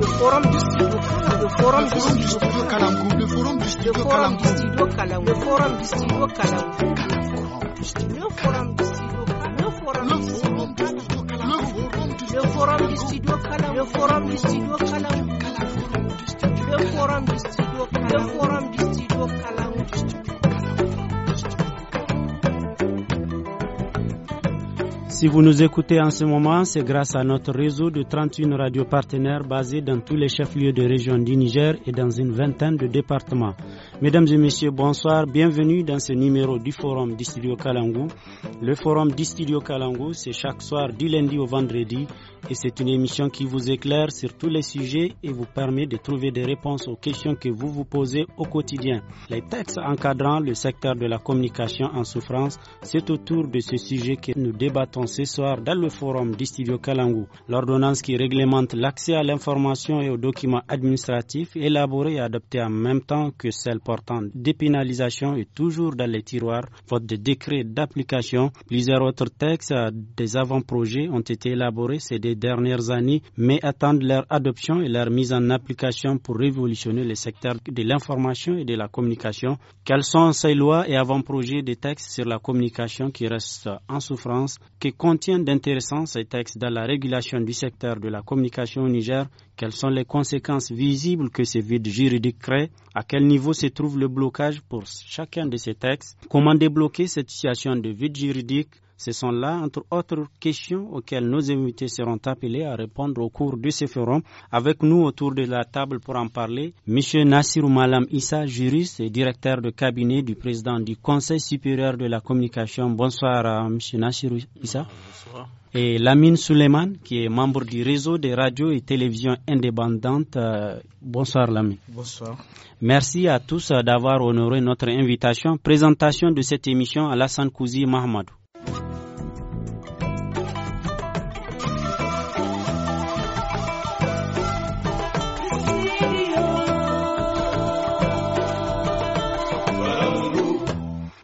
le forum du studio forum forum forum forum forum forum forum forum forum forum Si vous nous écoutez en ce moment, c'est grâce à notre réseau de 31 radios partenaires basés dans tous les chefs-lieux de région du Niger et dans une vingtaine de départements. Mesdames et messieurs, bonsoir. Bienvenue dans ce numéro du Forum d'Istudio Studio Le Forum d'Istudio Studio Kalangou, c'est chaque soir du lundi au vendredi et c'est une émission qui vous éclaire sur tous les sujets et vous permet de trouver des réponses aux questions que vous vous posez au quotidien. Les textes encadrant le secteur de la communication en souffrance, c'est autour de ce sujet que nous débattons ce soir dans le Forum d'Istudio Studio Kalangou. L'ordonnance qui réglemente l'accès à l'information et aux documents administratifs élaborés et adoptés en même temps que celle dépénalisation est toujours dans les tiroirs, faute de décret d'application. Plusieurs autres textes des avant-projets ont été élaborés ces dernières années, mais attendent leur adoption et leur mise en application pour révolutionner le secteur de l'information et de la communication. Quelles sont ces lois et avant-projets des textes sur la communication qui restent en souffrance, que contiennent d'intéressants ces textes dans la régulation du secteur de la communication au Niger Quelles sont les conséquences visibles que ces vides juridiques créent À quel niveau se trouve le blocage pour chacun de ces textes. Comment débloquer cette situation de vide juridique ce sont là, entre autres questions, auxquelles nos invités seront appelés à répondre au cours de ce forum. Avec nous autour de la table pour en parler, M. Nassir Malam Issa, juriste et directeur de cabinet du président du Conseil supérieur de la communication. Bonsoir, euh, M. Nassir Issa. Bonsoir et Lamine Suleiman, qui est membre du réseau des radios et télévisions indépendantes. Euh, bonsoir Lamine. Bonsoir. Merci à tous euh, d'avoir honoré notre invitation. Présentation de cette émission à Lassan Kouzi Mahamadou.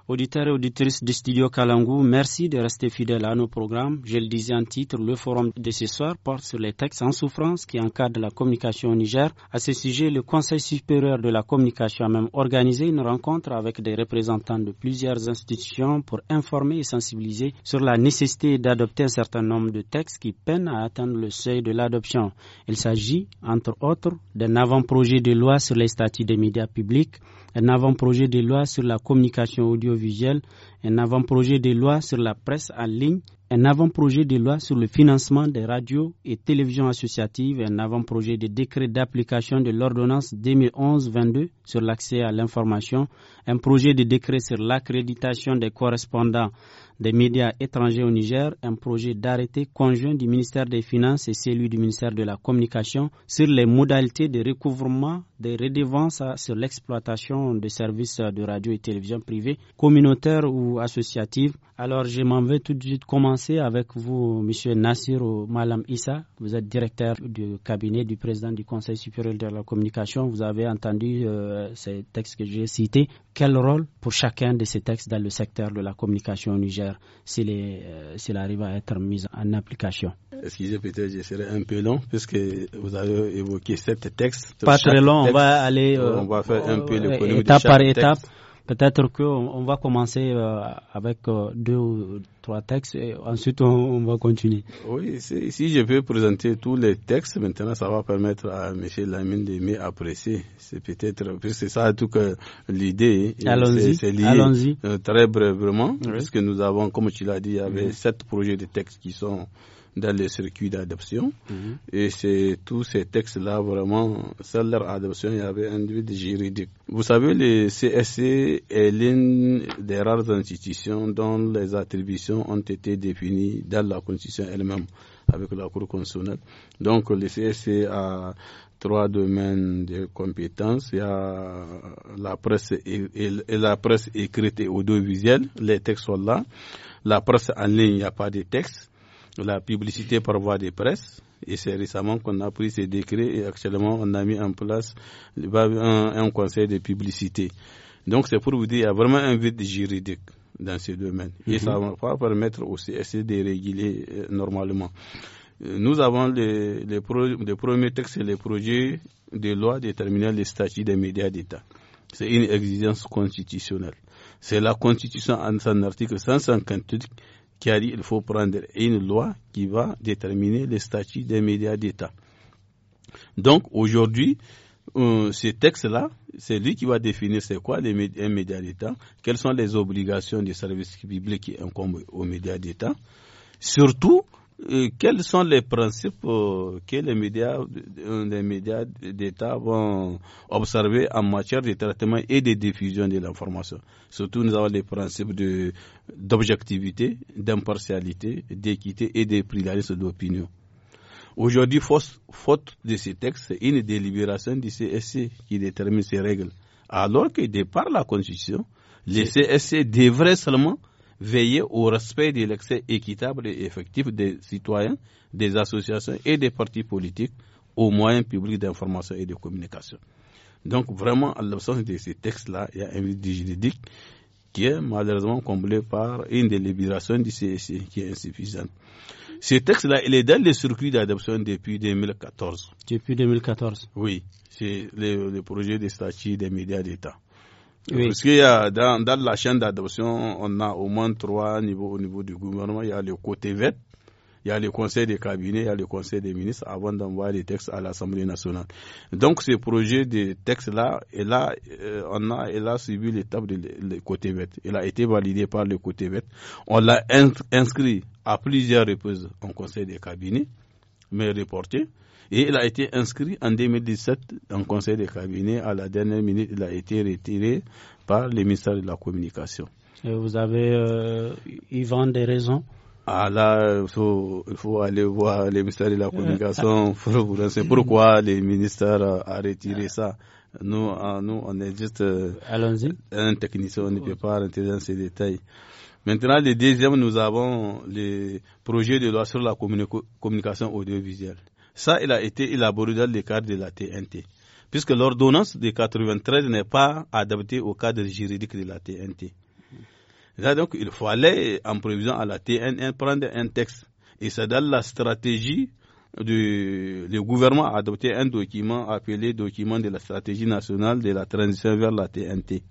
Auditeurs et auditrices du studio Kalangou, merci de rester fidèles à nos programmes. Je le disais en titre, le forum de ce soir porte sur les textes en souffrance qui encadrent la communication au Niger. À ce sujet, le Conseil supérieur de la communication a même organisé une rencontre avec des représentants de plusieurs institutions pour informer et sensibiliser sur la nécessité d'adopter un certain nombre de textes qui peinent à atteindre le seuil de l'adoption. Il s'agit, entre autres, d'un avant-projet de loi sur les statuts des médias publics, un avant-projet de loi sur la communication audio un avant-projet de loi sur la presse en ligne, un avant-projet de loi sur le financement des radios et télévisions associatives, un avant-projet de décret d'application de l'ordonnance 2011-22 sur l'accès à l'information, un projet de décret sur l'accréditation des correspondants des médias étrangers au Niger, un projet d'arrêté conjoint du ministère des Finances et celui du ministère de la Communication sur les modalités de recouvrement des redevances sur l'exploitation des services de radio et télévision privés, communautaires ou associatives. Alors, je m'en vais tout de suite commencer avec vous, Monsieur Nassir ou Malam Issa. Vous êtes directeur du cabinet du président du Conseil supérieur de la communication. Vous avez entendu euh, ces textes que j'ai cités. Quel rôle pour chacun de ces textes dans le secteur de la communication au Niger faire s'il euh, arrive à être mis en application. Excusez peut-être, je serai un peu long puisque vous avez évoqué sept textes. Pas très long, on va aller euh, faire un peu euh, étape par étape. Texte. Peut-être qu'on va commencer euh, avec euh, deux ou trois textes et ensuite on, va continuer. Oui, si je peux présenter tous les textes, maintenant ça va permettre à M. Lamine de mieux apprécier. C'est peut-être, hein, c'est ça tout que l'idée. Allons-y. Allons-y. Euh, très brièvement, oui. parce que nous avons, comme tu l'as dit, il y avait sept projets de textes qui sont dans les circuits d'adoption. Mhm. Et c'est tous ces textes-là, vraiment, sur leur adoption, il y avait un vide juridique. Vous savez, le CSC est l'une des rares institutions dont les attributions ont été définies dans la Constitution elle-même, avec la Cour constitutionnelle. Donc, le CSC a trois domaines de compétences. Il y a la presse, et, la presse écrite et audiovisuelle, les textes sont là. La presse en ligne, il n'y a pas de texte la publicité par voie des presse. Et c'est récemment qu'on a pris ces décrets et actuellement on a mis en place un, conseil de publicité. Donc c'est pour vous dire, il y a vraiment un vide juridique dans ce domaine. Et mhm. ça va permettre au CSC e de réguler euh, normalement. Euh, nous avons le les, pro, les premiers textes les projets de loi déterminant les statuts des médias d'État. C'est une exigence constitutionnelle. C'est la Constitution en son article 158 il faut prendre une loi qui va déterminer le statut des médias d'État. Donc aujourd'hui, euh, ce texte-là, c'est lui qui va définir c'est quoi les médias, un d'État, quelles sont les obligations des services publics qui incombent aux médias d'État. Surtout, euh, quels sont les principes euh, que les médias, euh, les médias d'État vont observer en matière de traitement et de diffusion de l'information Surtout, nous avons les principes d'objectivité, d'impartialité, d'équité et de pluralisme d'opinion. Aujourd'hui, faute de ces textes, une délibération du CSC qui détermine ces règles. Alors que, de par la Constitution, le CSC devrait seulement veiller au respect de l'accès équitable et effectif des citoyens, des associations et des partis politiques aux moyens publics d'information et de communication. Donc vraiment, à l'absence de ces textes-là, il y a un vide juridique qui est malheureusement comblé par une délibération du CSC e qui est insuffisante. Ce texte-là, il est dans le circuit d'adoption depuis 2014. Depuis 2014 Oui, c'est le, le projet de statut des médias d'État. Oui. Parce qu'il y a dans, dans la chaîne d'adoption, on a au moins trois niveaux au niveau du gouvernement. Il y a le côté vert, il y a le conseil des cabinets, il y a le conseil des ministres avant d'envoyer les textes à l'Assemblée nationale. Donc ce projet de texte-là, il a, euh, on a, il a suivi l'étape du côté vert. Il a été validé par le côté vert. On l'a inscrit à plusieurs reprises en conseil des cabinets, mais reporté. Et il a été inscrit en 2017 en conseil de cabinet. À la dernière minute, il a été retiré par le ministère de la Communication. Et vous avez, euh, Yvan, des raisons ah là, il faut, aller voir le ministère de la euh, ah. Communication pour pourquoi le ministère a retiré ah. ça. Nous, ah, nous on est juste euh, un technicien, on ne peut pas rentrer dans ces détails. Maintenant, le deuxième, nous avons le projet de loi sur la communication audiovisuelle. Ça, il a été élaboré dans le cadre de la TNT, puisque l'ordonnance de 93 n'est pas adaptée au cadre juridique de la TNT. Là, donc, il fallait, en prévision à la TNN, prendre un texte. Et ça dans la stratégie du gouvernement a adopté un document appelé document de la stratégie nationale de la transition vers la TNT.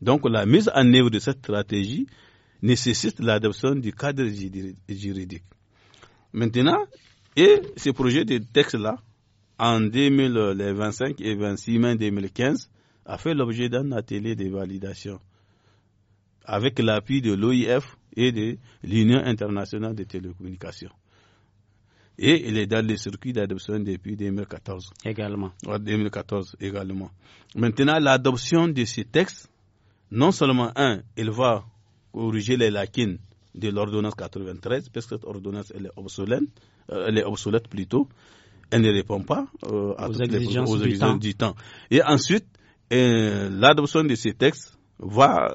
Donc la mise en œuvre de cette stratégie nécessite l'adoption du cadre juridique. Maintenant, et ce projet de texte-là, en 2025 et 26 mai 2015, a fait l'objet d'un atelier de validation avec l'appui de l'OIF et de l'Union internationale des télécommunications. Et il est dans le circuit d'adoption depuis 2014. Également. 2014 également. Maintenant, l'adoption de ce texte, non seulement, un, il va corriger les lacunes de l'ordonnance 93, parce que cette ordonnance elle est obsolète, euh, elle est obsolète plutôt, elle ne répond pas euh, aux exigences, du, temps. Et ensuite, euh, l'adoption de ces textes va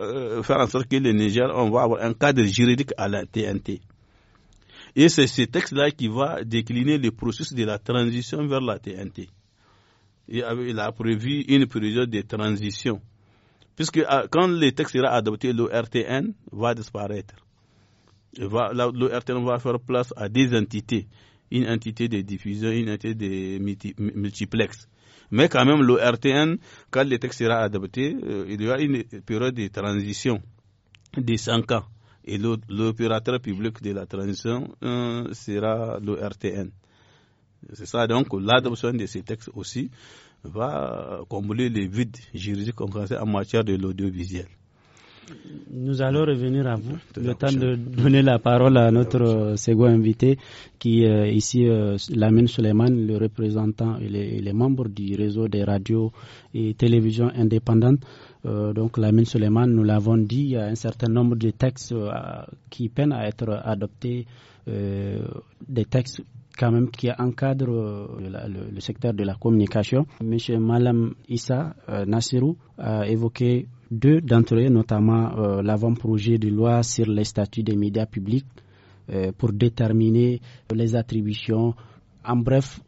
faire en sorte que le Niger, on va avoir un cadre juridique à la TNT. Et c'est ce texte-là qui va décliner le processus de la transition vers la TNT. il a prévu une période de transition. Puisque ah, quand les textes sera adopté, le RTN va disparaître va, le va faire place à des entités, une entité de diffusion, une entité de multiplex. Mais quand même, le RTN, quand le texte sera adopté, euh, il y aura une période de transition de cinq ans. Et l'opérateur public de la transition euh, sera le RTN. C'est ça, donc l'adoption de ces textes aussi va combler les vides juridiques en matière de l'audiovisuel. Nous allons revenir à vous. Le temps de donner la parole à notre euh, second invité, qui est euh, ici, euh, Lamine Suleiman, le représentant et les, membres du réseau des radios et télévisions indépendantes. donc, Lamine Suleiman, nous l'avons dit, il y a un certain nombre de textes qui peinent à être adoptés, des textes quand même qui encadrent le, secteur de la communication. Monsieur Malam Issa euh, a évoqué deux d'entre eux, notamment euh, l'avant-projet de loi sur les statuts des médias publics euh, pour déterminer les attributions. En bref,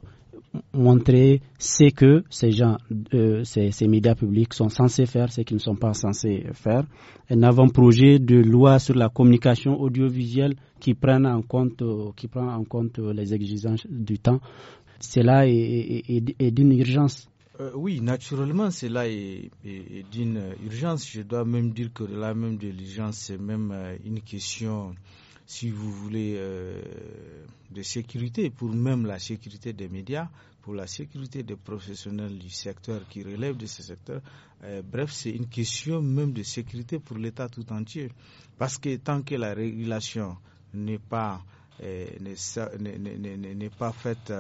montrer ce que ces gens, euh, ces, ces, médias publics sont censés faire, ce qu'ils ne sont pas censés faire. Un avant-projet de loi sur la communication audiovisuelle qui prend en compte, qui prend en compte les exigences du temps. Cela est d'une urgence. Euh, oui, naturellement, cela est, d'une urgence. Je dois même dire que là même de l'urgence, c'est même euh, une question, si vous voulez, euh, de sécurité, pour même la sécurité des médias, pour la sécurité des professionnels du secteur qui relèvent de ce secteur. bref, c'est une question même de sécurité pour l'État tout entier. Parce que tant que la régulation n'est pas n'est pas faite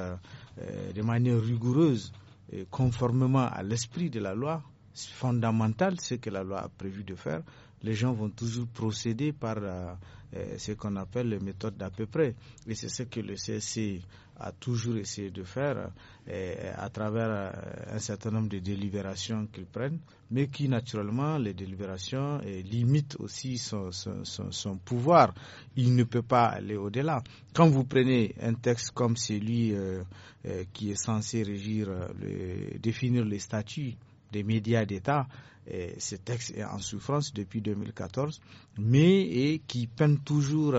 de manière rigoureuse et conformément à l'esprit de la loi fondamentale, ce que la loi a prévu de faire, les gens vont toujours procéder par euh, euh, ce qu'on appelle les méthodes d'à peu près. Et c'est ce que le CSC a toujours essayé de faire euh, à travers euh, un certain nombre de délibérations qu'ils prennent, mais qui naturellement, les délibérations euh, limitent aussi son, pouvoir. Il ne peut pas aller au-delà. Quand vous prenez un texte comme celui qui est censé régir, définir les statuts des médias d'État, ce texte est en souffrance depuis 2014, mais et qui peine toujours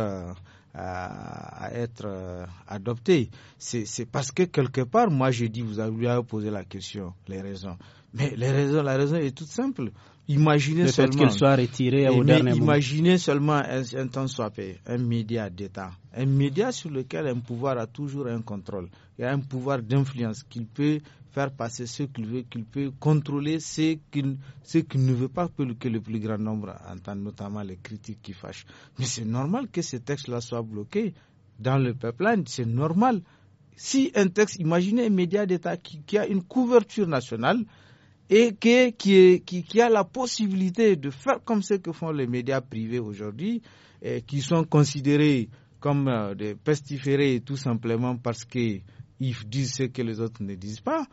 à, être euh, adopté. C'est parce que quelque part, moi j'ai dit, vous avez posé la question, les raisons. Mais les raisons, la raison est toute simple. Imaginez le seulement. qu'il soit retiré au dernier Imaginez seulement un, temps soit un média d'État, un média sur lequel un pouvoir a toujours un contrôle, il y a un pouvoir d'influence qu'il peut faire passer ce qu'il veut, qu'il peut contrôler ce qu'il ne veut pas que le, que le plus grand nombre entende, notamment les critiques qui fâchent. Mais c'est normal que ce texte-là soit bloqué dans le peuple, c'est normal. Si un texte, imaginez un média d'État qui, a une couverture nationale et qui, qui, qui, a la possibilité de faire comme ce que font les médias privés aujourd'hui, qui sont considérés comme euh, des pestiférés tout simplement parce que ils disent ce que les autres ne disent pas.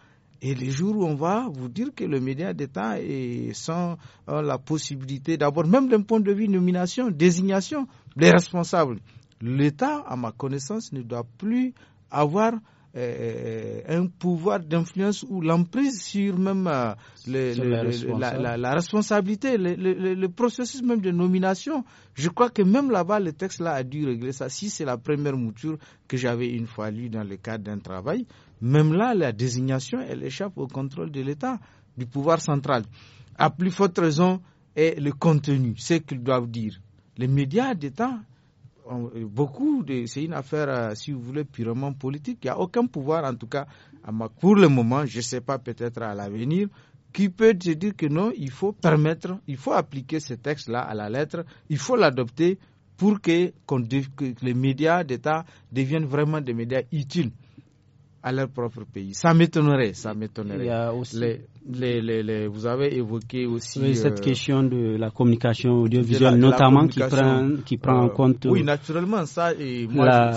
Et les jours où on va vous dire que le média d'État est sans euh, la possibilité, d'avoir même d'un point de vue nomination, désignation, des responsables, l'État, à ma connaissance, ne doit plus avoir euh, un pouvoir d'influence ou l'emprise sur même euh, la, responsabilité, le, processus même de nomination. Je crois que même là-bas, le texte là a dû régler ça. Si c'est la première mouture que j'avais une fois lue dans le cadre d'un travail, même là, la désignation, elle échappe au contrôle de l'État, du pouvoir central. À plus forte raison, est le contenu, ce qu'ils doivent dire. Les médias d'État, beaucoup de, c'est une affaire, euh, si vous voulez, purement politique. Il n'y a aucun pouvoir, en tout cas, pour le moment, je ne sais pas, peut-être à l'avenir, qui peut te dire que non, il faut permettre, il faut appliquer ce texte-là à la lettre, il faut l'adopter pour que les médias d'État deviennent vraiment des médias utiles à leur propre pays. Ça m'étonnerait, ça m'étonnerait. Les, les, vous avez évoqué aussi oui, cette euh, question de la communication audiovisuelle, notamment qui prend, qui prend en euh, compte. Oui, naturellement, ça et moi,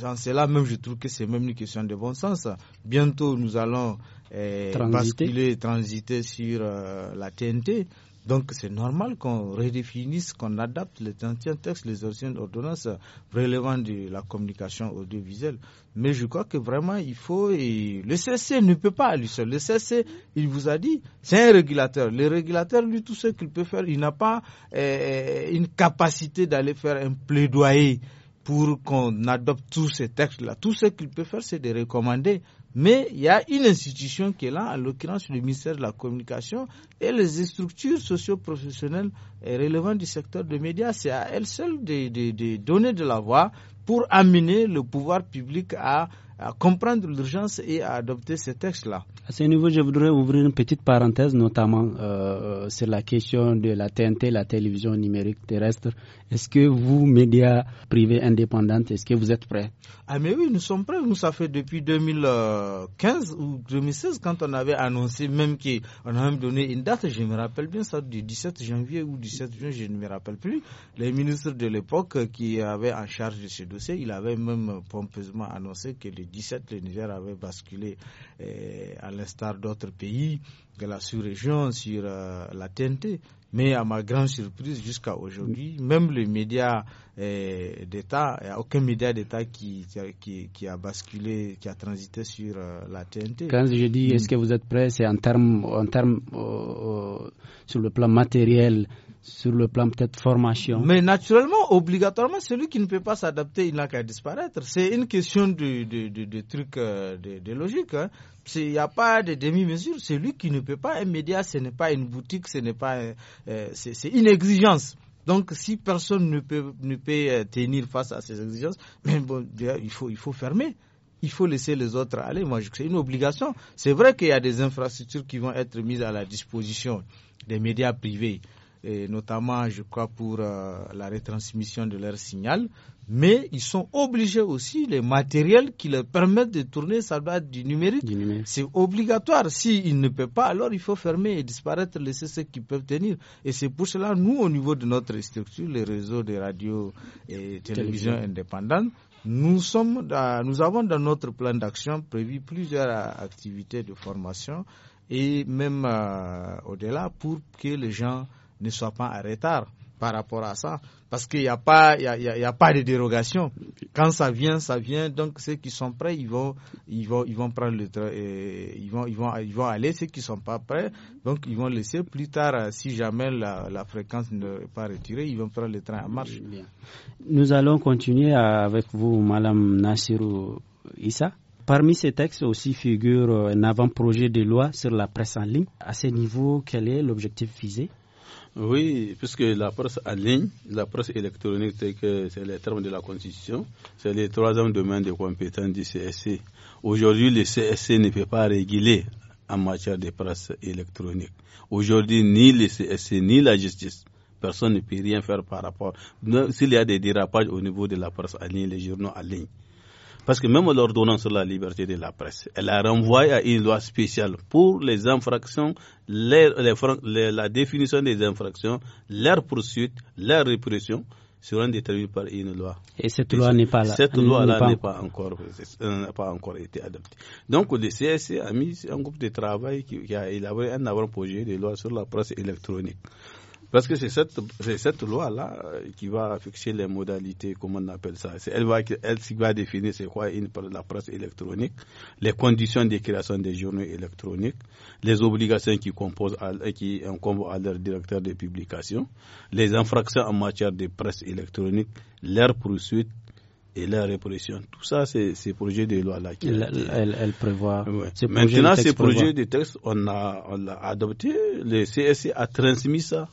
j'en sais là même, je trouve que c'est même une question de bon sens. Bientôt, nous allons eh, transiter. basculer, transiter sur euh, la TNT. Donc c'est normal qu'on redéfinisse, qu'on adapte les anciens textes, les anciennes ordonnances relevant de la communication audiovisuelle. Mais je crois que vraiment il faut et le CC ne peut pas lui seul. Le CC, il vous a dit, c'est un régulateur. Le régulateur, lui, tout ce qu'il peut faire, il n'a pas euh, euh, une capacité d'aller faire un plaidoyer pour qu'on adopte tous ces textes-là. Tout ce qu'il peut faire, c'est de recommander mais il y a une institution qui est là, en l'occurrence le ministère de la Communication et les structures socio-professionnelles relevantes du secteur des médias. C'est à elles seules de donner de la voix pour amener le pouvoir public à à comprendre l'urgence et à adopter ces textes-là. À ce niveau, je voudrais ouvrir une petite parenthèse, notamment euh, euh, sur la question de la TNT, la télévision numérique terrestre. Est-ce que vous, médias privés indépendants, est-ce que vous êtes prêts Ah mais oui, nous sommes prêts. Nous, ça fait depuis 2015 ou 2016, quand on avait annoncé même qu'on a même donné une date, je me rappelle bien ça, du 17 janvier ou 17 juin, je ne me rappelle plus. les ministres de l'époque euh, qui avaient en charge de ce dossier, il avait même pompeusement annoncé que les 17 le Niger avait basculé, euh, à l'instar d'autres pays de la sous-région, sur euh, la TNT. Mais à ma grande surprise, jusqu'à aujourd'hui, mm. même les médias euh, d'État, il n'y a aucun média d'État qui, a basculé, qui a transité sur la TNT. Quand je dis est-ce mm. que vous êtes prêt c'est en termes, en termes sur le plan matériel, sur le plan peut-être formation. Mais naturellement, obligatoirement, celui qui ne peut pas s'adapter, il n'a qu'à disparaître. C'est une question de, de, de, truc, euh, de, logique. Il hein. n'y a pas de demi-mesure. Celui qui ne peut pas, un média, ce n'est pas une boutique, ce n'est pas, euh, c'est une exigence. Donc, si personne ne peut, ne peut euh, tenir face à ces exigences, bon, il faut, il faut fermer il faut laisser les autres aller. Moi, c'est une obligation. C'est vrai qu'il y a des infrastructures qui vont être mises à la disposition des médias privés et notamment, je crois, pour euh, la retransmission de leur signal. Mais ils sont obligés aussi, les matériels qui leur permettent de tourner, ça doit être du numérique. C'est obligatoire. S'ils ne peuvent pas, alors il faut fermer et disparaître, laisser ceux qui peuvent tenir. Et c'est pour cela, nous, au niveau de notre structure, les réseaux de radio et télévision indépendantes, nous, sommes nous avons dans notre plan d'action prévu plusieurs euh, activités de formation et même euh, au-delà pour que les gens ne soit pas en retard par rapport à ça, parce qu'il n'y a, pas, y a, pas de dérogation. Quand ça vient, ça vient, donc ceux qui sont prêts, ils vont, ils vont, ils vont prendre le train, ils, vont, ils, vont, aller, ceux qui ne sont pas prêts, donc ils vont laisser plus tard, euh, si jamais la, fréquence n'est pas retirée, ils vont prendre le train en marche. Nous allons continuer avec vous, Madame Nassirou Issa. Parmi ces textes aussi figure euh, un avant-projet de loi sur la presse en ligne. À ce niveau, quel est l'objectif visé oui, puisque la presse en ligne, la presse électronique, c'est que c'est les termes de la Constitution, c'est les troisième domaine de compétence du CSC. Aujourd'hui, le CSC ne peut pas réguler en matière de presse électronique. Aujourd'hui, ni le CSC ni la justice personne ne peut rien faire par rapport. S'il y a des dérapages au niveau de la presse en ligne, les journaux en ligne, parce que même l'ordonnance sur la liberté de la presse, elle a renvoyé à une loi spéciale pour les infractions, la définition des infractions, leur poursuite, leur répression seront déterminées par une loi. Et cette loi n'est pas là. Cette loi-là n'est pas... encore, euh, n'a pas encore été adoptée. Donc, le CSC a mis un groupe de travail qui a élaboré un avant-projet de loi sur la presse électronique. Parce que c'est cette, cette loi-là euh, qui va fixer les modalités, comment on appelle ça. Elle va, elle va définir c'est quoi une, la presse électronique, les conditions de création des journaux électroniques, les obligations qui, composent à, euh, qui incombent à leur directeur de publication, les infractions en matière de presse électronique, leur poursuite et leur répression. Tout ça, c'est ces projets de loi-là. Qui... Elle, elle, elle, prévoit. Maintenant, ces projets de texte, on l'a on adopté. Le CSC a transmis ça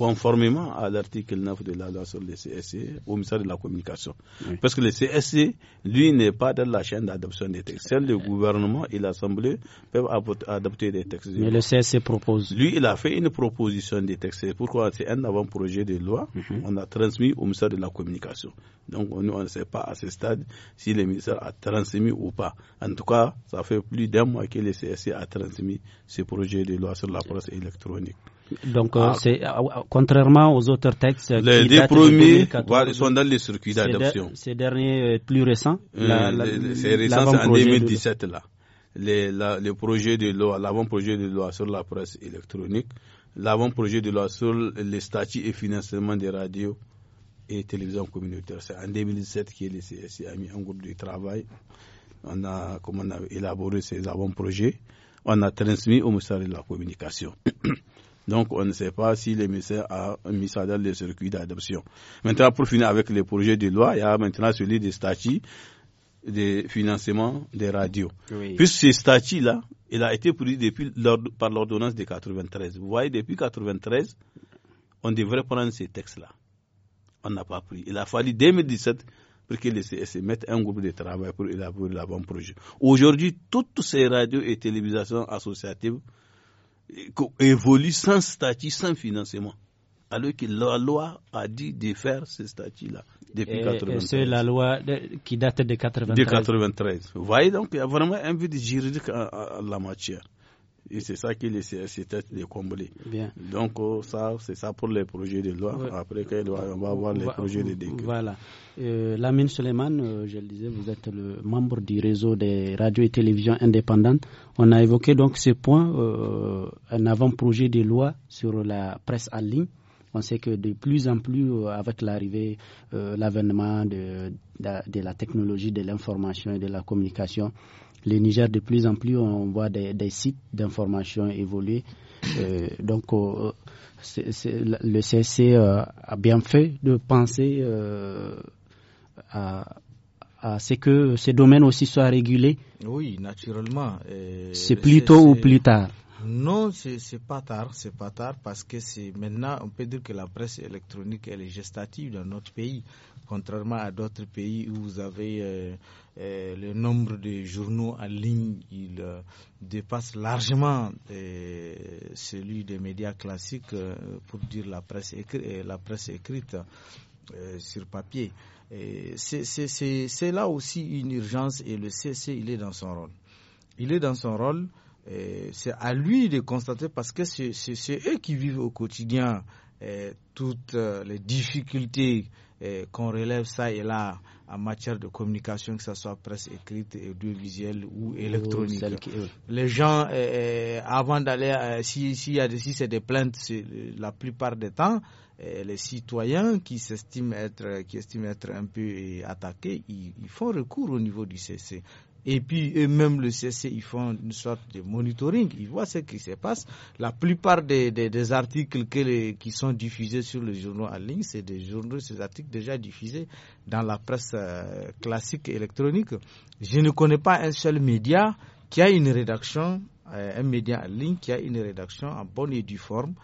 conformément à l'article 9 de la loi sur le CSC e au ministère de la Communication. Parce que le CSC, e, lui, n'est pas dans la chaîne d'adoption des textes. Seul le gouvernement et l'Assemblée peuvent adopter des textes. Mais le CSC e propose. Lui, il a fait une proposition des textes. pourquoi c'est un avant-projet de loi. Mhm. On a transmis au ministère de la Communication. Donc, nous, on ne sait pas à ce stade si le ministère a transmis ou pas. En tout cas, ça fait plus d'un mois que le CSC a transmis ce projet de loi sur la presse électronique. Donc, euh, ah. c'est euh, euh, contrairement aux autres textes. Les deux premiers sont dans les circuits d'adoption. Ces, derniers plus récents. c'est récent, c'est en 2017 là. Les, de l'avant-projet de loi sur la presse électronique, l'avant-projet de loi sur les statuts et financement des radios et télévisions communautaires. C'est en 2017 qu'il le a mis un groupe de travail. On a, comment on a élaboré ces avant-projets. On a transmis au ministère de la Communication. Donc, on ne sait pas si le a mis ça dans le circuit d'adoption. Maintenant, pour finir avec les projets de loi, il y a maintenant celui des statuts de financement des radios. Puis ce statut-là, il a été pris depuis par l'ordonnance de 93. Vous voyez, depuis 93, on devrait prendre ces textes-là. On n'a pas pris. Il a fallu 2017 pour que les CSC e mette un groupe de travail pour élaborer le bon projet Aujourd'hui, toutes ces radios et télévisions associatives évolue sans statut, sans financement. Alors que la loi a dit de faire ce statut-là depuis 1993. C'est la loi qui date de 1993. De 93. Vous voyez donc, il y a vraiment un vide juridique à en la matière. Et c'est ça qui les de combler. Bien. Donc, euh, ça, c'est ça pour les projets de loi. Après, on va voir les projets de décret. Voilà. Euh, Lamine Suleiman, euh, je le disais, vous êtes le membre du réseau des radios et télévisions indépendantes. On a évoqué donc ce point, euh, un avant-projet de loi sur la presse en ligne. On sait que de plus en plus, avec l'arrivée, l'avènement de la technologie de l'information et de la communication, le Niger, de plus en plus, on voit des, sites d'information évoluer. Euh, donc, euh, le CC euh, a bien fait de penser à, ce que ces domaines aussi soient régulés. Oui, naturellement. C'est plus tôt ou plus tard. Non, c'est pas tard, c'est pas tard parce que maintenant, on peut dire que la presse électronique est gestative dans notre pays contrairement à d'autres pays où vous avez euh, euh, le nombre de journaux en ligne, il euh, dépasse largement celui des médias classiques, pour dire la presse, la presse écrite sur papier. C'est là aussi une urgence et le CC, il est dans son rôle. Il est dans son rôle c'est à lui de constater parce que c'est eux qui vivent au quotidien toutes les difficultés qu'on relève ça et là en matière de communication, que ce soit presse écrite, audiovisuelle ou oh, électronique. Les gens, euh, euh, avant d'aller, euh, si, si, si c'est des plaintes, la plupart des temps, les citoyens qui s'estiment être, qui estiment être un peu attaqués, ils, ils, font recours au niveau du CC. Et puis eux-mêmes, le CC, ils font une sorte de monitoring, ils voient ce qui se passe. La plupart des, articles qui sont diffusés sur les journaux en ligne, c'est des journaux, ces articles déjà diffusés dans la presse euh, classique électronique. Je ne connais pas un seul média qui a une rédaction, euh, un média en ligne qui a une rédaction en bonne et due forme,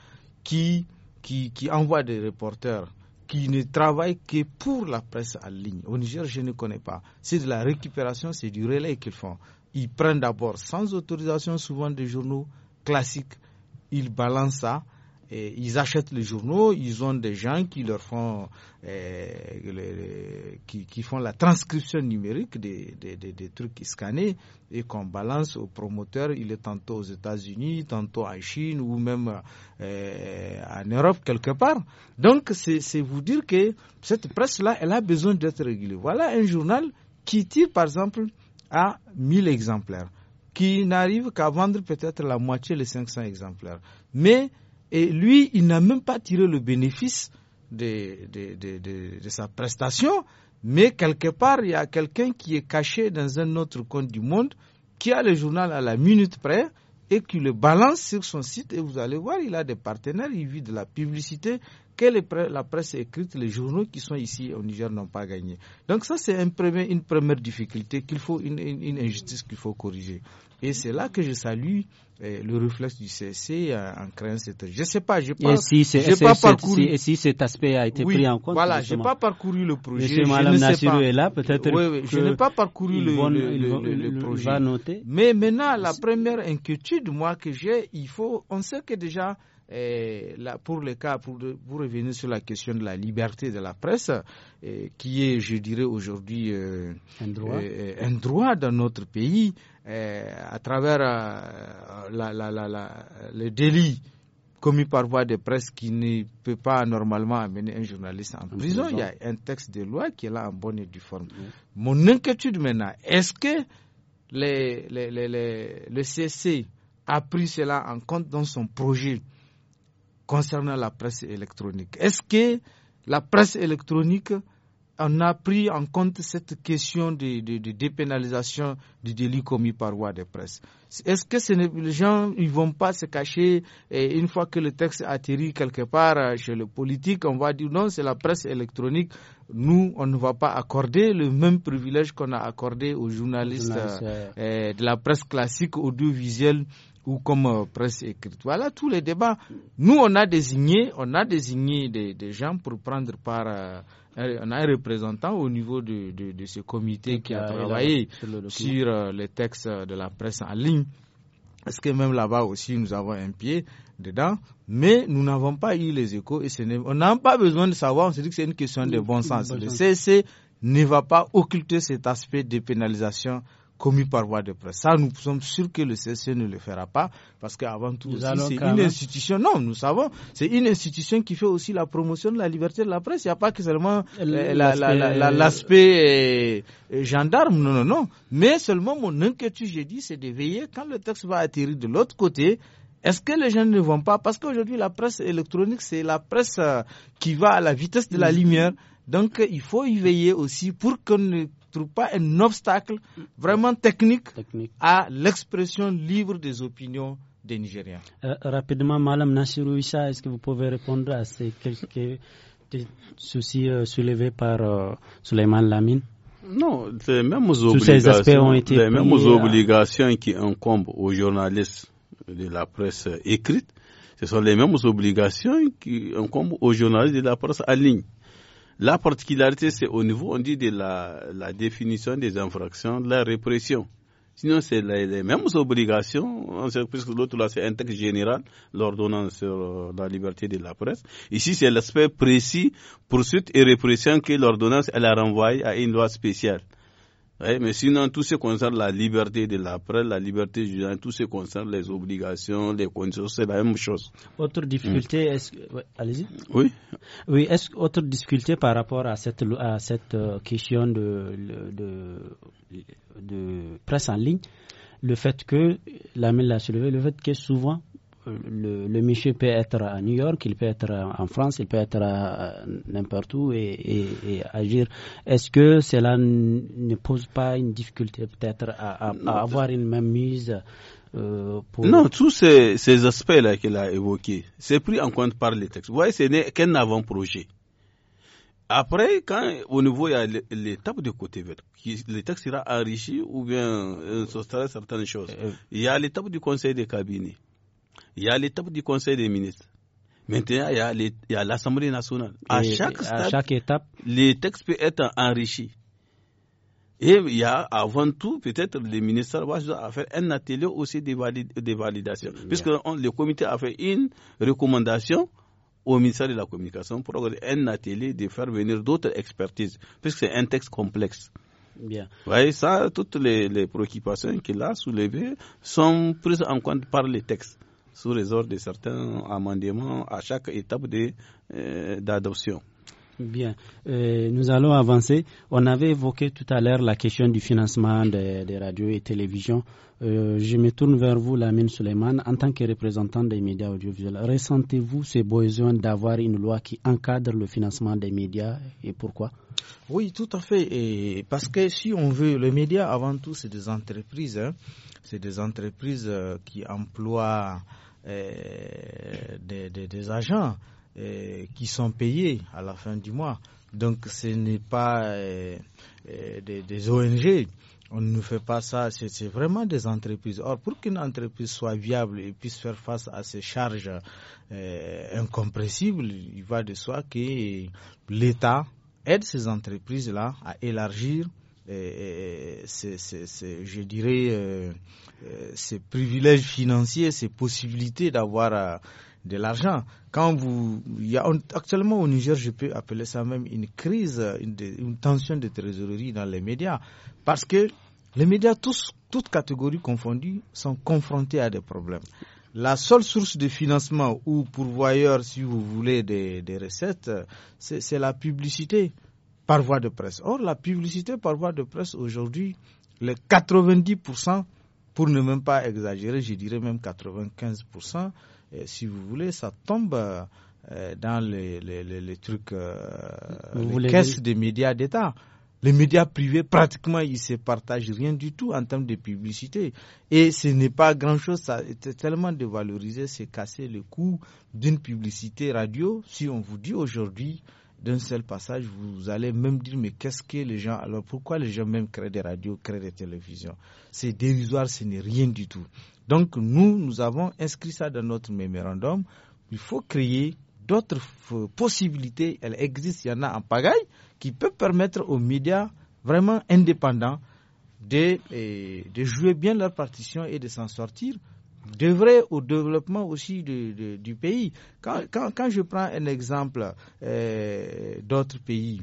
qui, qui, qui envoie des reporters qui ne travaillent que pour la presse en ligne. Au Niger, je ne connais pas. C'est de la récupération, c'est du relais qu'ils font. Ils prennent d'abord sans autorisation souvent des journaux classiques, ils balancent ça ils achètent les journaux, ils ont des gens qui leur font, euh, qui, qui, font la transcription numérique des, des, des, des trucs scannés et qu'on balance aux promoteurs. Il est tantôt aux États-Unis, tantôt en Chine ou même euh, en Europe quelque part. Donc c'est vous dire que cette presse-là, elle a besoin d'être régulée. Voilà un journal qui tire par exemple à 1000 exemplaires, qui n'arrive qu'à vendre peut-être la moitié, les 500 exemplaires. Mais et lui, il n'a même pas tiré le bénéfice de, sa prestation, mais quelque part, il y a quelqu'un qui est caché dans un autre coin du monde, qui a le journal à la minute près, et qui le balance sur son site et vous allez voir, il a des partenaires, il vit de la publicité que la presse écrite, les journaux qui sont ici au Niger n'ont pas gagné. Donc ça, c'est une première difficulté qu'il faut, une injustice qu'il faut corriger. Et c'est là que je salue eh, le réflexe du CSC euh, en, créant cette. Je ne sais pas, je pense. Et si, pas parcouru... et si cet aspect a été pris en compte. Voilà, je n'ai pas parcouru le projet. Monsieur Madame Nassirou est là, peut-être. Oui, oui, je n'ai pas parcouru le, le, projet. Va noter. Mais maintenant, la première inquiétude, moi, que j'ai, il faut. On sait que déjà. Eh, là, pour le cas, pour, revenir sur la question de la liberté de la presse, eh, qui est, je dirais, aujourd'hui euh, un, droit. un, droit. dans notre pays, eh, à travers euh, le délit commis par voie de presse qui ne peut pas normalement amener un journaliste en prison. Il y a un texte de loi qui est là en bonne et due forme. Mon inquiétude maintenant, est-ce que le CC a pris cela en compte dans son projet concernant la presse électronique Est-ce que la presse électronique on a pris en compte cette question de, de, de dépénalisation du délit commis par voie de presse. Est-ce que ce les gens ne vont pas se cacher et une fois que le texte atterrit quelque part euh, chez le politique, on va dire non, c'est la presse électronique. Nous, on ne va pas accorder le même privilège qu'on a accordé aux journalistes euh, euh, de la presse classique audiovisuelle ou comme presse écrite. Voilà tous les débats. Nous, on a désigné, on a désigné des, des gens pour prendre part on a un représentant au niveau de, de, de ce comité qui a, travaillé sur euh, les textes de la presse en ligne. ce que même là-bas aussi, nous avons un pied dedans, mais nous n'avons pas eu les échos et on n'a pas besoin de savoir, on se dit que c'est une question de bon sens. Le CC ne va pas occulter cet aspect de pénalisation commis par voie de presse. Ça, nous sommes sûrs que le CC ne le fera pas, parce qu'avant tout, c'est une institution. Non, nous savons, c'est une institution qui fait aussi la promotion de la liberté de la presse. Il n'y a pas que seulement euh, l'aspect euh, euh, gendarme, non, non, non. Mais seulement mon inquiétude, j'ai dit, c'est de veiller quand le texte va atterrir de l'autre côté. Est-ce que les gens ne vont pas Parce qu'aujourd'hui, la presse électronique, c'est la presse qui va à la vitesse de la mmh. lumière. Donc il faut y veiller aussi pour qu'on ne trouve pas un obstacle vraiment technique, à l'expression libre des opinions des Nigériens. Euh, rapidement, Madame Nasiru Issa, est-ce que vous pouvez répondre à ces quelques soucis euh, soulevés par euh, Lamine Non, les mêmes, obligations, les mêmes euh, obligations qui incombent aux journalistes de la presse écrite, ce sont les mêmes obligations qui incombent aux journalistes de la presse en ligne. La particularité, c'est au niveau, on dit, de la, la définition des infractions, de la répression. Sinon, c'est les, mêmes obligations, puisque l'autre, là, c'est un texte général, l'ordonnance sur euh, la liberté de la presse. Ici, c'est l'aspect précis, poursuite et répression que l'ordonnance, elle a renvoyé à une loi spéciale mais sinon, tout ce qui concerne la liberté de la presse, la liberté judiciaire, tout ce qui concerne les obligations, les conditions, c'est la même chose. Autre mm. difficulté, est-ce allez-y. Oui. Oui, est-ce autre difficulté par rapport à cette à cette euh, question de de, de presse en ligne, le fait que la main l'a soulevé, le fait que souvent le, le peut être à New York, il peut être en France, il peut être n'importe où et, agir. Est-ce que cela ne pose pas une difficulté peut-être à, avoir une même mise euh, pour... Non, tous ces, aspects-là qu'il a évoqués, c'est pris en compte par les textes. Vous voyez, ce n'est qu'un avant-projet. Après, quand au niveau, il y a l'étape de côté vert, le texte sera enrichi ou bien euh, certaines choses. Euh, euh. Il y a l'étape du conseil des cabinets il y a l'étape du Conseil des ministres. Maintenant, il y a l'Assemblée nationale. À chaque, étape, les textes peuvent être enrichis. Et il y a avant tout, peut-être, le ministère va faire un atelier aussi de validation. Puisque le comité a fait une recommandation au ministère de la Communication pour avoir un atelier de faire venir d'autres expertises, puisque c'est un texte complexe. Bien. Vous ça, toutes les, les préoccupations qu'il a soulevées sont prises en compte par les textes sous ordres de certains amendements à chaque étape euh, d'adoption. Bien, euh, nous allons avancer. On avait évoqué tout à l'heure la question du financement des, radios et télévisions. Euh, je me tourne vers vous, Lamine Suleiman. En tant que représentant des médias audiovisuels, ressentez-vous ce besoin d'avoir une loi qui encadre le financement des médias et pourquoi Oui, tout à fait. parce que si on veut, les médias, avant tout, c'est des entreprises. Hein. C'est des entreprises qui emploient euh, des, des, agents euh, qui sont payés à la fin du mois. Donc ce n'est pas euh, des, ONG. On ne fait pas ça, c'est vraiment des entreprises. Or, pour qu'une entreprise soit viable et puisse faire face à ces charges incompressibles, il va de soi que l'État aide ces entreprises-là à élargir je dirais, euh, euh, ces privilèges financiers, ces possibilités d'avoir euh, de l'argent. Quand vous, il y a, actuellement au Niger, je peux appeler ça même une crise, une, tension de trésorerie dans les médias, parce que les médias, toutes catégories confondues, sont confrontés à des problèmes. La seule source de financement ou pourvoyeur, si vous voulez, des, des recettes, c'est la publicité par voie de presse. Or, la publicité par voie de presse aujourd'hui, les 90%, pour ne même pas exagérer, je dirais même 95%, eh, si vous voulez, ça tombe euh, dans les, les, les, trucs, euh, les caisses des médias d'État. Les médias privés, pratiquement, ils se partagent rien du tout en termes de publicité. Et ce n'est pas grand-chose. Ça était tellement dévalorisé, c'est casser le coût d'une publicité radio. Si on vous dit aujourd'hui, d'un seul passage, vous allez même dire mais qu'est-ce que les gens alors pourquoi les gens même créent des radios, créent des télévisions C'est dérisoire, ce n'est rien du tout. Donc nous, nous avons inscrit ça dans notre mémorandum. Il faut créer d'autres possibilités. Elles existent, il y en a en pagaille qui peut permettre aux médias vraiment indépendants de, de jouer bien leur partition et de s'en sortir devrait au développement aussi du pays. Quand, quand, quand, je prends un exemple euh, d'autres pays,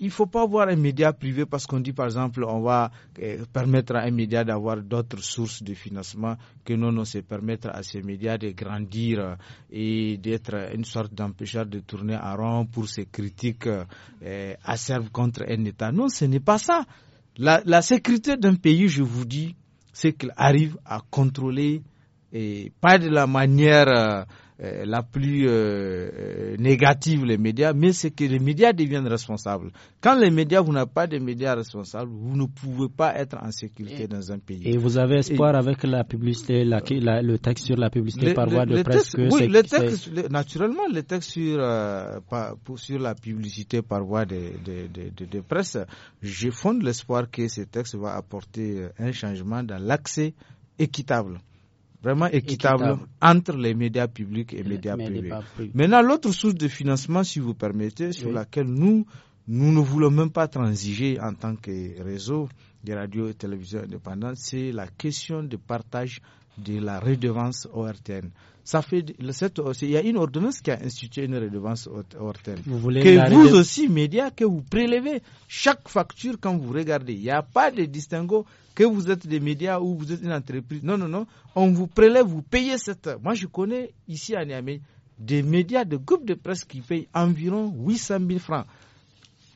il ne faut pas avoir un média privé parce qu'on dit par exemple on va euh, permettre à un média d'avoir d'autres sources de financement que non, non, c'est permettre à ces médias de grandir et d'être une sorte d'empêcheur de tourner en rond pour ses critiques euh, acerbes contre un État. Non, ce n'est pas ça. La, la sécurité d'un pays, je vous dis, c'est qu'il arrive à contrôler et pas de la manière euh, euh, la plus euh, négative les médias, mais c'est que les médias deviennent responsables. Quand les médias, vous n'avez pas de médias responsables, vous ne pouvez pas être en sécurité dans un pays. Et vous avez espoir avec la publicité, le texte sur la publicité par voie de presse Oui, le texte, naturellement, le texte sur, sur la publicité par voie de presse, je fonde l'espoir que ce texte va apporter un changement dans l'accès équitable vraiment équitable, entre les médias publics et les médias, privés. Maintenant, l'autre source de financement, si vous permettez, sur laquelle nous, nous ne voulons même pas transiger en tant que réseau de radio et télévisions indépendantes, c'est la question de partage de la redevance ORTN ça fait cette, euh, il y a une ordonnance qui a institué une redevance hors Vous voulez que vous aussi médias que vous prélevez chaque facture quand vous regardez. Il n'y a pas de distinguo que vous êtes des médias ou vous êtes une entreprise. Non non non, on vous prélève, vous payez cette. Moi je connais ici à Niamey des médias, des groupes de presse qui payent environ 800 000 francs.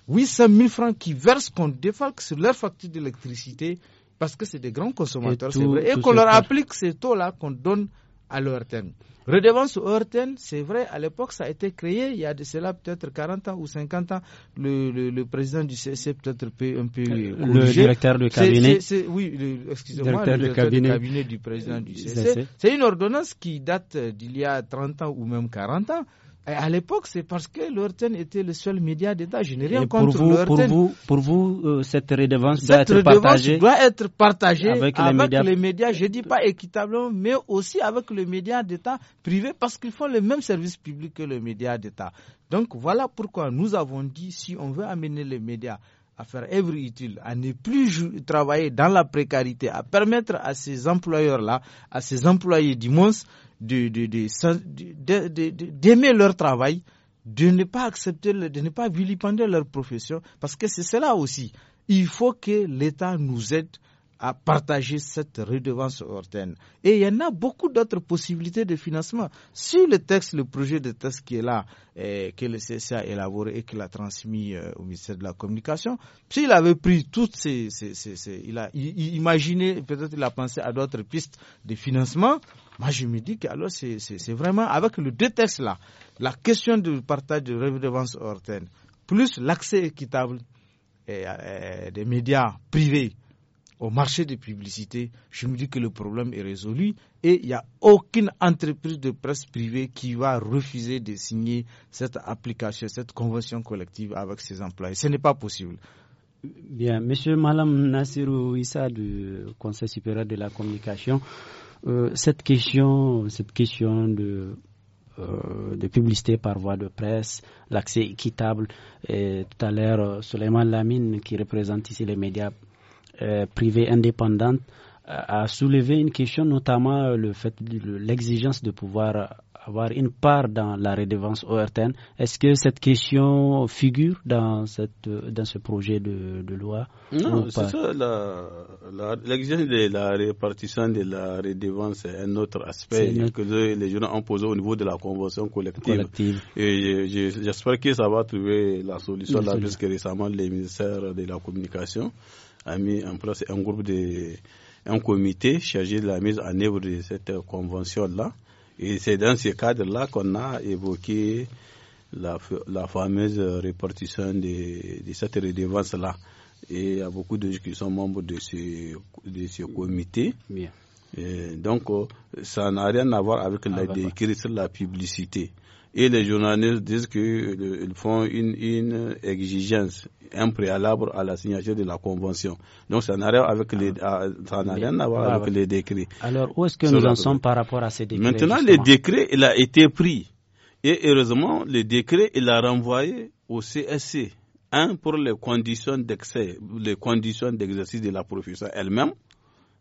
800 000 francs qui versent qu'on défalque sur leur facture d'électricité parce que c'est des grands consommateurs, c'est vrai, et qu'on leur applique ces taux-là qu'on donne à l'ORTN. Redevance ORTN, c'est vrai, à l'époque, ça a été créé, il y a de cela peut-être 40 ans ou 50 ans, le, le, président du CSC peut-être peut-être un peu... Euh, le directeur du cabinet. oui, excusez-moi, le directeur, du, cabinet. du président du CSC. Euh, e. C'est une ordonnance qui date d'il y a 30 ans ou même 40 ans à l'époque, c'est parce que l'ORTEN était le seul média d'État. Je n'ai rien contre pour vous, Pour vous, euh, cette redevance doit être partagée doit être partagée avec, les, médias... Je ne dis pas équitablement, mais aussi avec les médias d'État privés parce qu'ils font le même service public que les médias d'État. Donc voilà pourquoi nous avons dit si on veut amener les médias à faire œuvre utile, à ne plus travailler dans la précarité, à permettre à ces employeurs-là, à ces employés d'immenses, d'aimer de, de, de, leur travail, de ne pas accepter, de ne pas vilipender leur profession, parce que c'est cela aussi. Il faut que l'État nous aide à partager cette redevance hortaine. Et il y en a beaucoup d'autres possibilités de financement. Sur le texte, le projet de texte qui est là, eh, que le CSA a élaboré et qu'il a transmis euh, au ministère de la Communication, s'il avait pris toutes ces... il a imaginé, peut-être il a pensé à d'autres pistes de financement, moi, je me dis que alors c'est vraiment avec le deux textes là, la question du partage de redevances hors plus l'accès équitable euh, des médias privés au marché de publicité, je me dis que le problème est résolu et il n'y a aucune entreprise de presse privée qui va refuser de signer cette application, cette convention collective avec ses employés. Ce n'est pas possible. Bien, Monsieur Malam Nasirouissa du Conseil supérieur de la communication, euh, cette question, cette question euh, de, publicité par voie de presse, l'accès équitable. tout à l'heure, euh, Soleiman Lamine, qui représente ici les médias privés indépendants, a soulevé une question, notamment le fait l'exigence de pouvoir avoir une part dans la redevance ORTN. Est-ce que cette question figure dans, cette, dans ce projet de, loi Non, c'est ça. L'exigence de la répartition de la redevance est un autre aspect que les gens ont posé au niveau de la convention collective. Et j'espère que ça va trouver la solution là, puisque récemment, les ministères de la Communication a mis en place un groupe de un comité chargé de la mise en œuvre de cette convention-là. Et c'est dans ce cadre-là qu'on a évoqué la, fameuse répartition de, cette redevance-là. Et il y a beaucoup de gens qui sont membres de ce, de ce comité. donc, euh, ça n'a rien à voir avec ah, la décret sur la publicité. Et les journalistes disent qu'ils font une, une, exigence, un préalable à la signature de la convention. Donc ça n'a rien, avec les, ah. Ah, à voir avec les décrets. Alors où est-ce que nous en sommes par rapport à ces décrets Maintenant, le décret, il a été pris. Et heureusement, le décret, il a renvoyé au CSC. Un, pour les conditions d'excès, les conditions d'exercice de la profession elle-même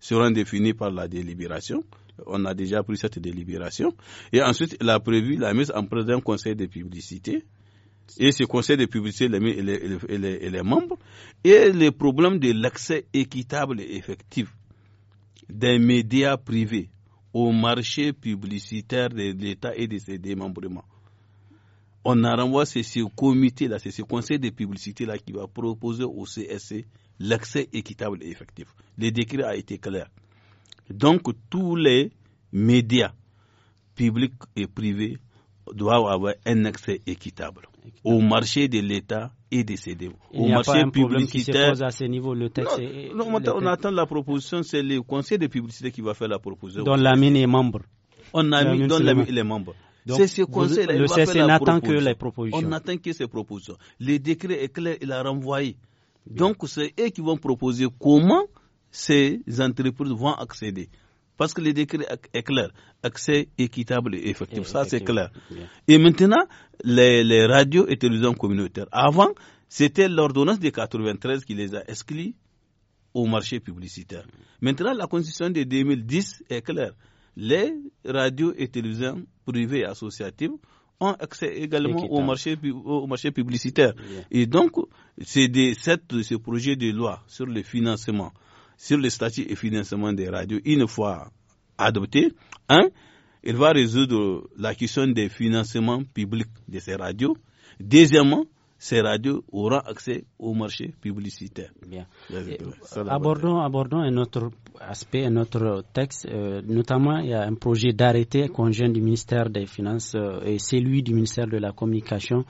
seront définies par la délibération. On a déjà pris cette délibération. Et ensuite, il a prévu la mise en place d'un conseil de publicité. Et ce conseil de publicité, les, les, membres. Et le problème de l'accès équitable et effectif des médias privés au marché publicitaire de l'État et de ses démembrements. On a renvoyé ce comité-là, c'est ce conseil de publicité-là qui va proposer au CSC l'accès équitable et effectif. Le décret a été clair. Donc tous les médias, publics et privés, doivent avoir un accès équitable, au marché de l'État et de ses dévots. Au a pas un publicitaire. Qui se pose à ce niveau, le texte non, on, attend, la proposition, c'est le conseil de publicité qui va faire la proposition. Dont la les membres. membre. On a mis, dont la les membres. C'est ce conseil Le CC n'attend que les propositions. On attend que ces propositions. Le décret est clair, il a renvoyé. Donc, c'est eux qui vont proposer comment ces entreprises vont accéder. Parce que le décret est clair, accès équitable et effectif, ça c'est clair. Et maintenant, les, radios et télévisions communautaires. Avant, c'était l'ordonnance de 93 qui les a exclus au marché publicitaire. Maintenant, la constitution de 2010 est claire. Les radios et télévisions privées et associatives ont accès également au marché, au marché publicitaire. Et donc, c'est ce projet de loi sur le financement sur le statut et financement des radios, une fois adopté, un, il va résoudre la question des financements publics de ces radios. Deuxièmement, ces radios auront accès au marché publicitaire. Euh, abordons, abordons un autre aspect, un autre texte. Euh, notamment, il y a un projet d'arrêté conjoint du ministère des Finances euh, et celui du ministère de la Communication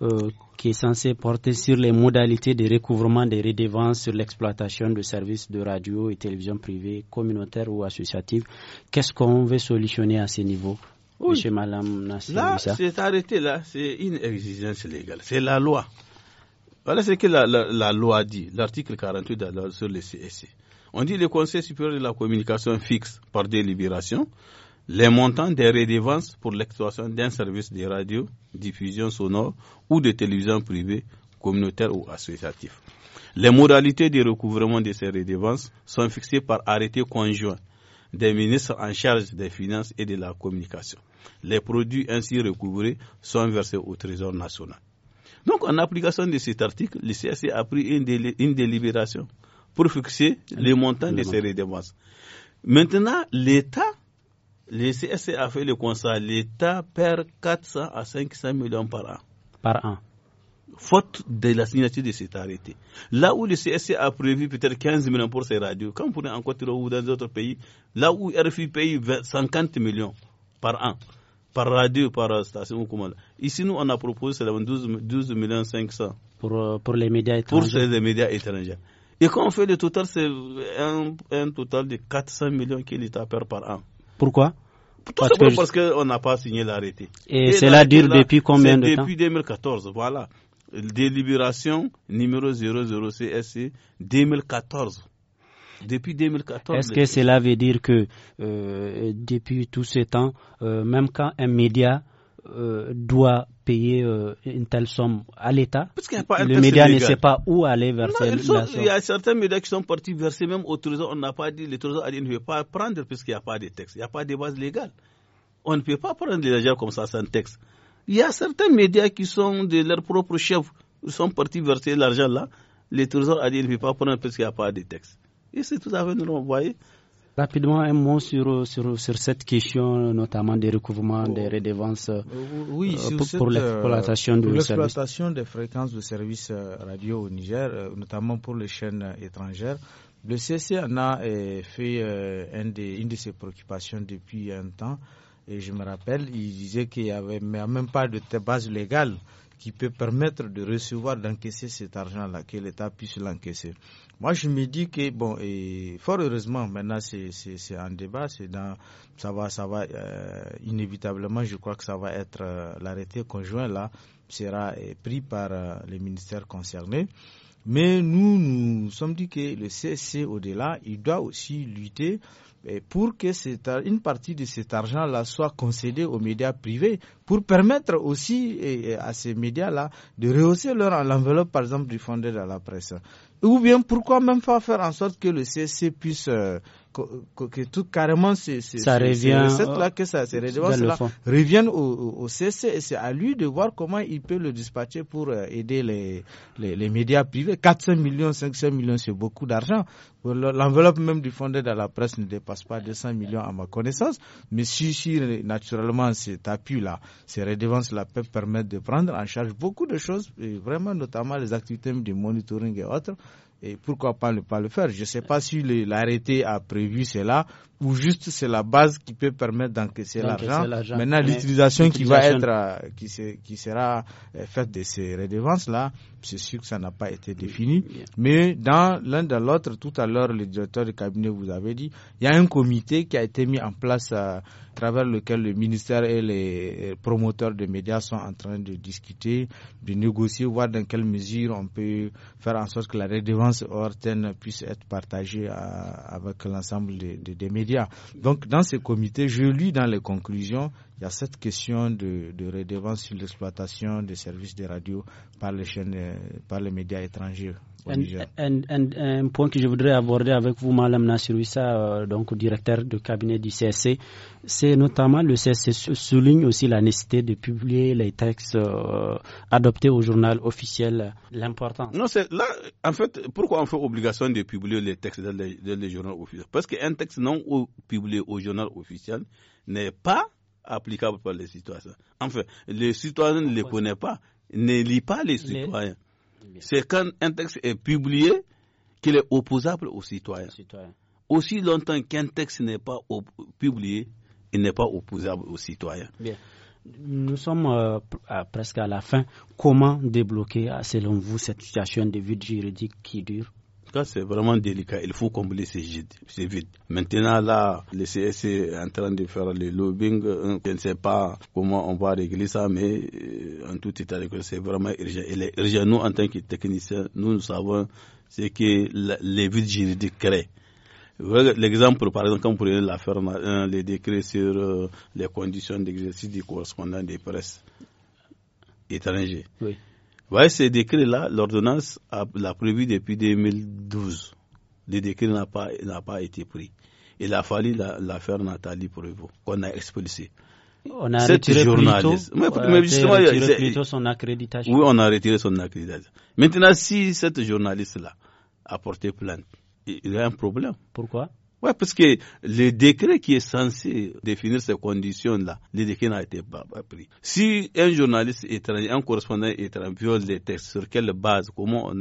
euh, qui est censé porter sur les modalités de recouvrement des redevances sur l'exploitation de services de radio et télévision privées, communautaires ou associatives. Qu'est-ce qu'on veut solutionner à ce niveau Malam Là, c'est arrêté, là, c'est une exigence légale, c'est la loi. Voilà ce que la, la, loi dit, l'article 48 sur le CSC. On dit le Conseil supérieur de la communication fixe par délibération les montants des redevances pour l'exploitation d'un service de radio, diffusion sonore ou de télévision privée, communautaire ou associatif. Les modalités de recouvrement de ces redevances sont fixées par arrêté conjoint des ministres en charge des finances et de la communication. Les produits ainsi recouvrés sont versés au Trésor national. Donc, en application de cet article, le CSC e a pris une, une délibération pour fixer les montants de ces redevances. Maintenant, l'État le CSC a fait le constat, l'État perd 400 à 500 millions par an. Par an. Faute de la signature de cet arrêté. Là où le CSC a prévu peut-être 15 millions pour ses radios, quand vous en Côte ou dans d'autres pays, là où RFI paye 50 millions par an, par radio, par station ou comment. Ici, nous, on a proposé 12, 12 millions 500. Euh, pour, les médias étrangers. Pour les médias étrangers. Et quand on fait le total, c'est un, un total de 400 millions que l'État perd par an. Pourquoi tout parce, que parce qu'on n'a pas signé l'arrêté. Et, cela dure depuis combien de temps Depuis 2014, voilà. Délibération numéro 00 CSC 2014. Depuis 2014. Est-ce que cela veut dire que euh, depuis tout ce temps, euh, même quand un média euh, doit payer euh, une telle somme à l'État, le média ne sait pas où aller verser la somme. Il y a certains médias qui sont partis verser même au trésor. On n'a pas dit, le trésor a dit, ne veut pas prendre puisqu'il n'y a pas de texte, il n'y a pas de base légale. On ne peut pas prendre les agents comme ça sans texte. Il y a certains médias qui sont de leur propre chef, ils sont partis verser l'argent là. Le trésor a dit, ne veut pas prendre parce qu'il n'y a pas de texte. Et c'est tout à fait normal, vous voyez. Rapidement, un mot sur, sur, cette question, notamment des recouvrements des redevances euh, euh, pour, euh, l'exploitation de des fréquences de services radio au Niger, notamment pour les chaînes étrangères. Le CCN a fait une de ses préoccupations depuis un temps. Et je me rappelle, il disait qu'il n'y avait même pas de base légale qui peut permettre de recevoir, d'encaisser cet argent-là, que l'État puisse l'encaisser. Moi, je me dis que, bon, et fort heureusement, maintenant, c'est en débat, c'est dans, ça va, ça va, euh, inévitablement, je crois que ça va être, euh, l'arrêté conjoint, là, sera euh, pris par les ministères concernés. Mais nous, nous sommes dit que le CSC, au-delà, il doit aussi lutter eh, pour que cette, une partie de cet argent-là soit concédée aux médias privés, pour permettre aussi eh, eh, à ces médias-là de rehausser leur enveloppe, par exemple, du fondé de la presse. Ou bien pourquoi même pas faire en sorte que le CSC puisse euh, que, tout carrément c'est c'est là que ça ces redevances là reviennent au, au, CC et c'est à lui de voir comment il peut le dispatcher pour euh, aider les, les, les médias privés 400 millions 500 millions c'est beaucoup d'argent l'enveloppe même du fondé dans la presse ne dépasse pas 200 millions à ma connaissance mais si, si naturellement cet appui là ces redevances là peuvent permettre de prendre en charge beaucoup de choses et vraiment notamment les activités de monitoring et autres et pourquoi pas ne pas le faire Je ne sais pas si l'arrêté a prévu cela, ou juste c'est la base qui peut permettre d'encaisser l'argent. Maintenant, l'utilisation qui va être, euh, qui, qui sera euh, faite de ces redevances-là, c'est sûr que ça n'a pas été défini. Mais dans l'un de l'autre, tout à l'heure, le directeur du cabinet vous avait dit, il y a un comité qui a été mis en place euh, à, travers lequel le ministère et les promoteurs de médias sont en train de discuter, de négocier, voir dans quelle mesure on peut faire en sorte que la redevance hors puisse être partagée avec l'ensemble des médias. Donc, dans ce comité, je lis dans les conclusions, il y a cette question de, de redevance sur l'exploitation des services de radio par les chaînes, euh, par les médias étrangers. Un, um, point que je voudrais aborder avec vous, Madame Nassirouissa, euh, donc directeur de cabinet du CSC, c'est notamment le CSC souligne aussi la nécessité de publier les textes euh, adoptés au journal officiel, L'important. Non, c'est là, en fait, pourquoi on fait obligation de publier les textes dans les, journal officiel journaux officiels Parce qu'un texte non publié au journal officiel n'est pas applicable par les citoyens. En fait, les citoyens ne les connaissent pas, ne lisent pas les citoyens. C'est quand un texte est publié qu'il est opposable aux citoyens. Aussi longtemps qu'un texte n'est pas publié, il n'est pas opposable aux citoyens. Nous sommes euh, presque à la fin. Comment débloquer, selon vous, cette situation de vide juridique qui dure tout c'est vraiment délicat. Il faut combler ces vides. Maintenant, là, le CSC est en train de faire le lobbying. Euh, je ne sais pas comment on va régler ça, mais euh, en tout état de cause, c'est vraiment urgent. Et nous, en tant que techniciens, nous, nous savons ce que les vides juridiques créent. L'exemple, par exemple, quand vous prenez l'affaire, euh, les décrets sur les conditions d'exercice des correspondants des presses étrangers. Oui voyez, ces décrets-là, l'ordonnance l'a prévu depuis 2012. Les décrets n'ont pas, pas été pris. Il a fallu l'affaire la, Nathalie Prévost, qu'on a expulsée. On a Cette retiré journaliste. Euh, retiré plutôt son accréditation. Oui, on a retiré son accréditation. Maintenant, si cette journaliste-là a porté plainte, il y a un problème. Pourquoi oui, parce que le décret qui est censé définir ces conditions-là, le décret n'a été pas, pris. Si un journaliste étranger, un correspondant étranger viole les textes, sur quelle base, comment on,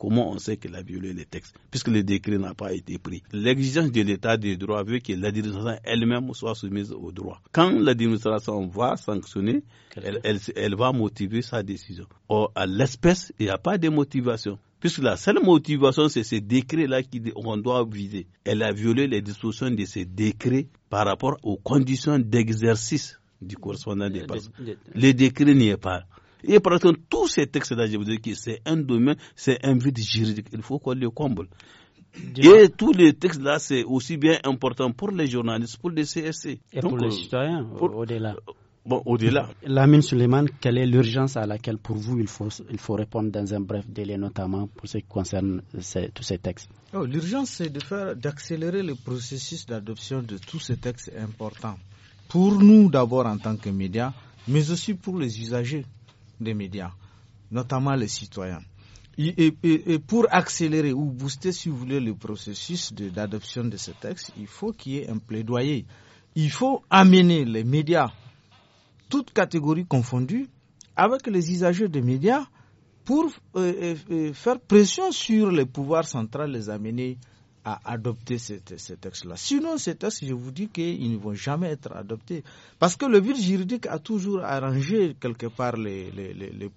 comment on sait qu'il a violé les textes, puisque le décret n'a pas été pris L'exigence de l'état des droits veut que l'administration elle-même soit soumise au droit. Quand l'administration va sanctionner, elle, elle va motiver sa décision. Or, à l'espèce, il n'y a pas de motivation. Puisque la seule motivation, c'est ces décrets-là qu'on doit viser. Elle a violé les dispositions de ces décrets par rapport aux conditions d'exercice du correspondant des presse. Les décrets n'y est pas. Et par contre, tous ces textes-là, je vous dis que c'est un domaine, c'est un vide juridique. Il faut qu'on le comble. Et tous les textes là, c'est aussi bien important pour les journalistes, pour les CSC. Et pour les euh, citoyens, au-delà. Bon, au-delà. Lamine Suleiman, quelle est l'urgence à laquelle, pour vous, il faut, il faut répondre dans un bref délai, notamment pour ce qui concerne tous ces textes oh, L'urgence, c'est de faire, d'accélérer le processus d'adoption de tous ces textes importants. Pour nous, d'abord, en tant que médias, mais aussi pour les usagers des médias, notamment les citoyens. Et, pour accélérer ou booster, si vous voulez, le processus d'adoption de, ces textes, il faut qu'il y ait un plaidoyer. Il faut amener les médias toutes catégories confondues, avec les usagers des médias pour euh, euh, euh, faire pression sur les pouvoirs centraux, les amener à adopter ces textes là Sinon, ces textes, je vous dis qu'ils ne vont jamais être adoptés. Parce que le vide juridique a toujours arrangé quelque part les,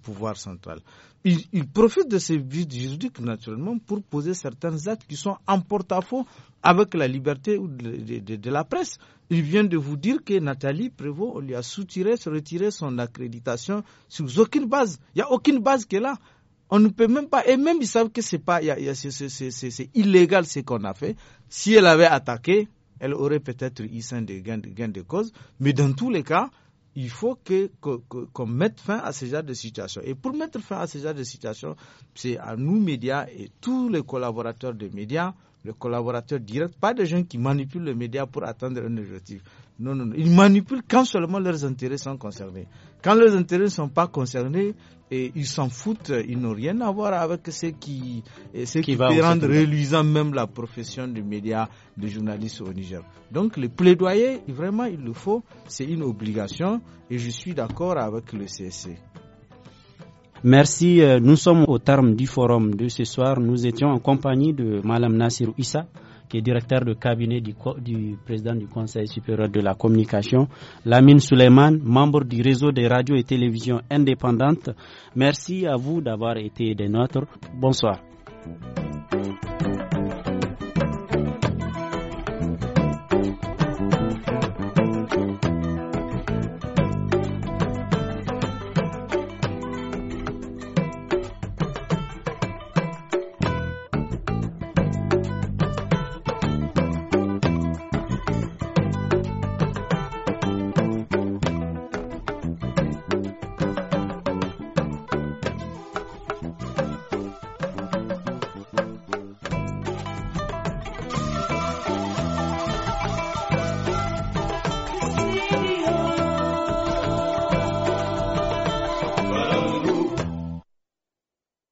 pouvoirs centrales. Ils, de ce vide juridiques, naturellement, pour poser certains actes qui sont en porte-à-faux avec la liberté de, de, la presse. Il vient de vous dire que Nathalie Prévost, lui a soutiré, retiré son accréditation sur aucune base. Il n'y a aucune base qui est là. On ne peut même pas, et même ils savent que c'est pas, c'est illégal ce qu'on a fait. Si elle avait attaqué, elle aurait peut-être eu un gain de cause. Mais dans tous les cas, il faut qu'on que, mette fin à ce genre de situation. Et pour mettre fin à ce genre de situation, c'est à nous, médias, et tous les collaborateurs des médias, le collaborateur direct, pas de gens qui manipulent le média pour atteindre un objectif. Non, non, non. Ils manipulent quand seulement leurs intérêts sont concernés. Quand leurs intérêts ne sont pas concernés, et ils s'en foutent, ils n'ont rien à voir avec ce qui, ce qui, va rendre reluisant même la profession du média, de journaliste au Niger. Donc le plaidoyer, vraiment, il le faut, c'est une obligation, et je suis d'accord avec le CSC. Merci. Euh, nous sommes au terme du forum de ce soir. Nous étions en compagnie de Mme Nassir Issa qui est directeur de cabinet du, président du Conseil supérieur de la communication, Lamine Suleiman, membre du réseau des radios et télévisions indépendantes. Merci à vous d'avoir été des nôtres. Bonsoir.